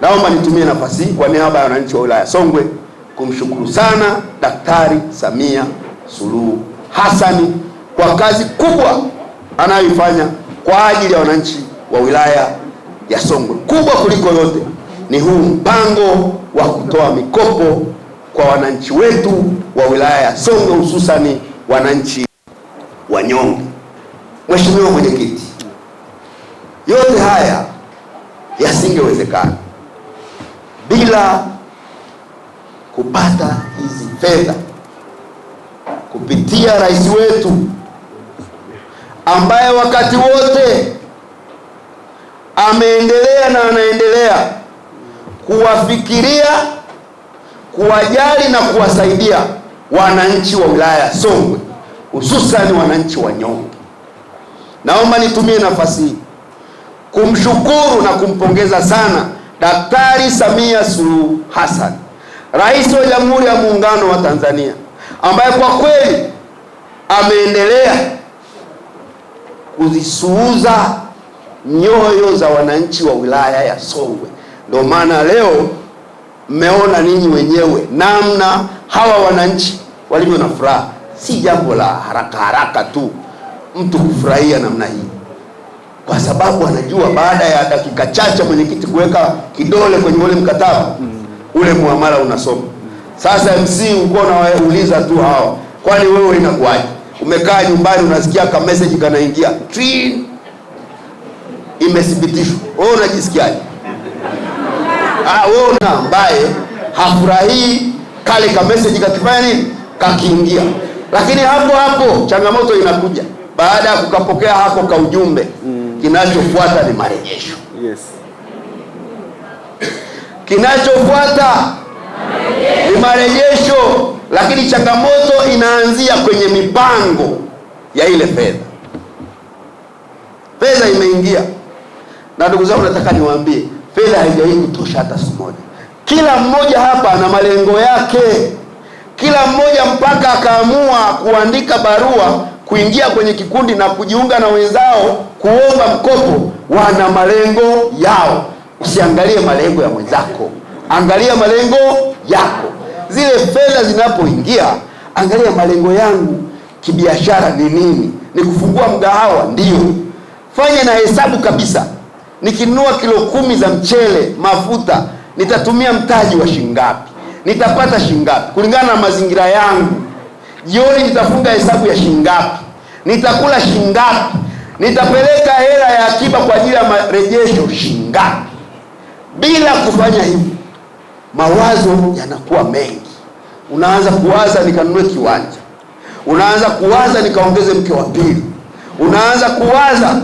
Naomba nitumie nafasi hii kwa niaba ya wananchi wa wilaya Songwe kumshukuru sana Daktari Samia Suluhu hasani kwa kazi kubwa anayoifanya kwa ajili ya wananchi wa wilaya ya Songwe. Kubwa kuliko yote ni huu mpango wa kutoa mikopo kwa wananchi wetu wa wilaya ya Songwe, hususani wananchi wanyonge. Mheshimiwa Mwenyekiti, yote haya yasingewezekana bila kupata hizi fedha kupitia rais wetu ambaye wakati wote ameendelea na anaendelea kuwafikiria, kuwajali na kuwasaidia wananchi wa wilaya Songwe, hususani wananchi wa Nyonge. Naomba nitumie nafasi hii kumshukuru na kumpongeza sana Daktari Samia Suluhu Hassan, rais wa Jamhuri ya Muungano wa Tanzania, ambaye kwa kweli ameendelea kuzisuuza nyoyo za wananchi wa wilaya ya Songwe. Ndio maana leo mmeona ninyi wenyewe namna hawa wananchi walivyo na furaha. Si jambo la haraka haraka tu mtu kufurahia namna hii kwa sababu anajua baada ya dakika chache mwenyekiti kuweka kidole kwenye ule mkataba mm. ule muamala unasoma. Sasa MC uko unawauliza tu hawa, kwani wewe inakuwaje? Umekaa nyumbani unasikia ka message kanaingia trin, imethibitishwa. Wewe unajisikiaje? Ah, wewe una ambaye hafurahii kale ka message kakifanya nini kakiingia, lakini hapo hapo changamoto inakuja baada ya kukapokea hako ka ujumbe mm. Kinachofuata ni marejesho. Yes. Kinachofuata ni marejesho, lakini changamoto inaanzia kwenye mipango ya ile fedha. Fedha imeingia, na ndugu zangu, nataka niwaambie, fedha haijawahi kutosha hata siku moja. Kila mmoja hapa ana malengo yake, kila mmoja mpaka akaamua kuandika barua kuingia kwenye kikundi na kujiunga na wenzao kuomba mkopo wana malengo yao. Usiangalie malengo ya mwenzako, angalia malengo yako. Zile fedha zinapoingia, angalia malengo yangu kibiashara ni nini? Ni kufungua mgahawa? ndio fanya na hesabu kabisa. Nikinunua kilo kumi za mchele, mafuta, nitatumia mtaji wa shingapi? Nitapata shingapi kulingana na mazingira yangu? Jioni nitafunga hesabu ya shingapi, nitakula shingapi nitapeleka hela ya akiba kwa ajili ya marejesho shingapi? Bila kufanya hivyo, mawazo yanakuwa mengi. Unaanza kuwaza nikanunue kiwanja, unaanza kuwaza nikaongeze mke wa pili, unaanza kuwaza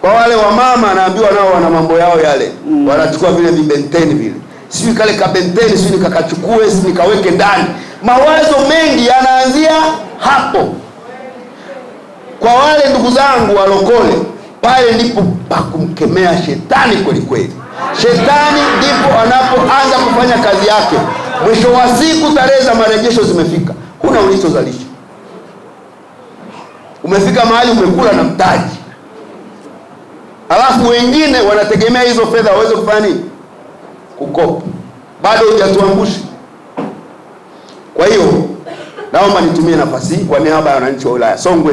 kwa wale wamama, anaambiwa nao wana mambo yao yale, mm. wanachukua vile vibenteni vile, sijui kale kabenteni, sijui nikakachukue, si nikaweke ndani. Mawazo mengi yanaanzia hapo. Kwa wale ndugu zangu walokole, pale ndipo pakumkemea shetani kweli kweli. Shetani ndipo anapoanza kufanya kazi yake. Mwisho wa siku, tarehe za marejesho zimefika, huna ulichozalisha. Umefika mahali umekula na mtaji, alafu wengine wanategemea hizo fedha waweze kufanya nini? Kukopa. Bado hujatuangusha. Kwa hiyo naomba nitumie nafasi hii kwa niaba ya wananchi wa wilaya Songwe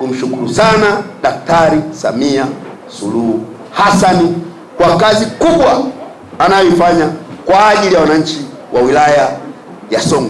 kumshukuru sana Daktari Samia Suluhu Hassan kwa kazi kubwa anayoifanya kwa ajili ya wananchi wa wilaya ya Songwe.